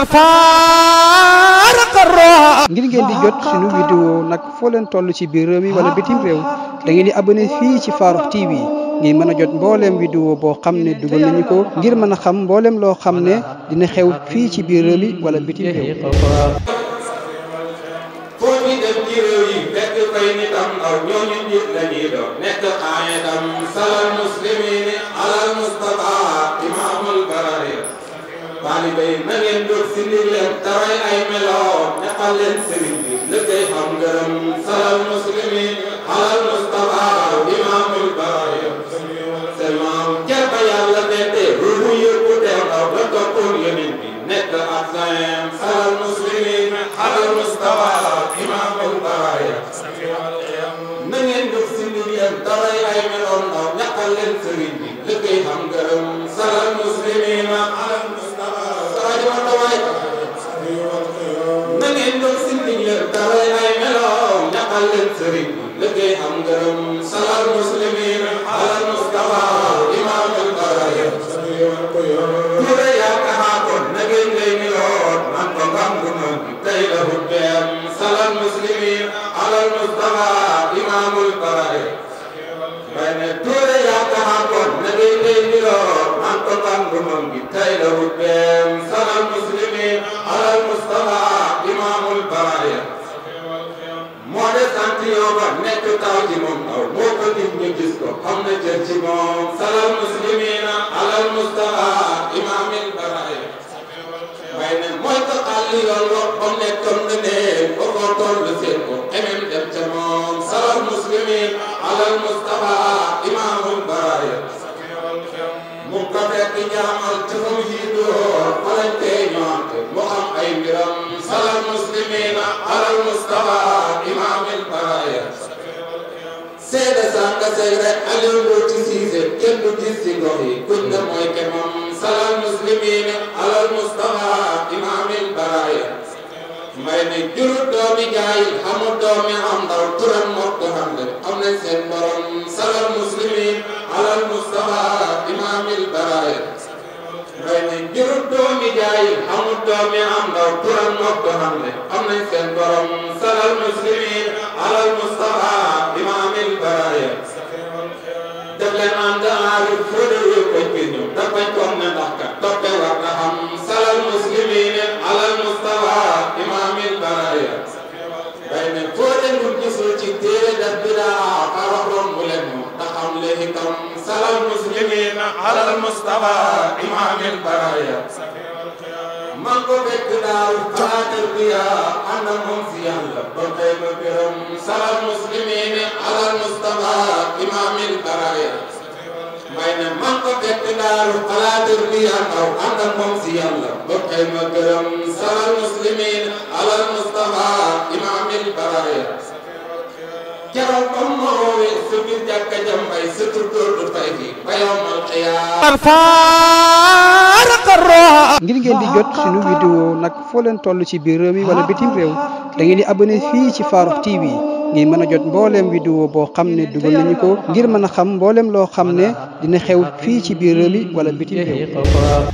ngir ngeen di jot suñu vidéo nag foo leen toll ci biir réew mi wala bitim réew da di abonné fii ci Farokh TV ngir mën a jot mbooleem vidéo boo xam ne dugal nañu ko ngir mën a xam mbooleem loo xam ne dina xew fii ci biir réew wala bitim réew. foo ñu dem ci réew yi fekk fay ni ndaw ñooñu njiit la ñuy nekk xaañe tam salal muslimin ala mustafa taalibe yi na ngeen jóg si li leen taray ay melo ñaqal leen sëriñ bi liggéey xam gërëm salal muslimin halal mustafa imaamul baay semaam jar ba yàlla bette ruubu yëpp teew daw ba toppoon yëmin bi nekk ak sayem salal muslimin halal mustafa imaamul baay na ngeen jóg si li leen taray ay melo ndaw ñaqal leen sëriñ bi liggéey xam gërëm salal muslimin sëriñ la kawe ay meloom ñaqal leen sëriñ liggéey am gërëm salal muslimin alal mustafa imam al baraya ture yaa kaxaakoon na ngeen lay niyoon man ko ngam gu noon tey la hubbeem salal muslimin alal mustafa imam al baraya bayne ture yaa kaxaakoon na ngeen lay niyoon man ko ngam gu noon tey la hubbeem salal muslimin alal mustafa nga nekk taw ci moom taw boo ko nit ñu gis ko xam na cër ci moom salal muslimina alal mustafa imaamil baraay waaye nag mooy ko xàlli yoon wax ba nekkoon nga ne ba ko toll seen ko xemem dem ca moom salal muslimin alal mustafa imaamul baraay mu ko fekk jaamal ci moom yi doo Seyre Aliou Mbodji Cissé kenn du gis ci gox yi kuñ ne mooy kemam salal muslimin alal Mustafa imaamil baraaya mbay mi jurut doomi jaay amul doomi am ndaw turam moo ko xam ne am nañ seen borom salal muslimin alal Mustafa imaamil baraaya mbay mi jurut doomi jaay amul doomi am ndaw turam moo ko xam ne am nañ seen borom salal muslimin alal Mustafa saxiira bay ne koo demul gisul ci téere daf bidaa ka waxoon mu leen mu taxam léegi kam salal muslimina alal mustafa imaamil baraya man ko fekk daaw faatir biya ànd ak moom si yàlla ba kay ma biram salal muslimina alal mustafa imaamil baraya may na man ko fekk daaru xalaatir bi yàllaw ànd ak moom si ma gërëm salal muslimin alal mustafa imamil baraya jaraw kon ma woowe su biir jàkka jambay su turtóor du fay fi ba yowmal xiyaam ngir ngeen di jot suñu vidéo nag foo leen toll ci biir réew mi wala bitim réew da di abonné fii ci Farokh TV ngir mën a jot mbooleem vidéo boo xam ne dugal nañu ko ngir mën a xam mbooleem loo xam ne dina xew fii ci biir réew mi wala bitim réew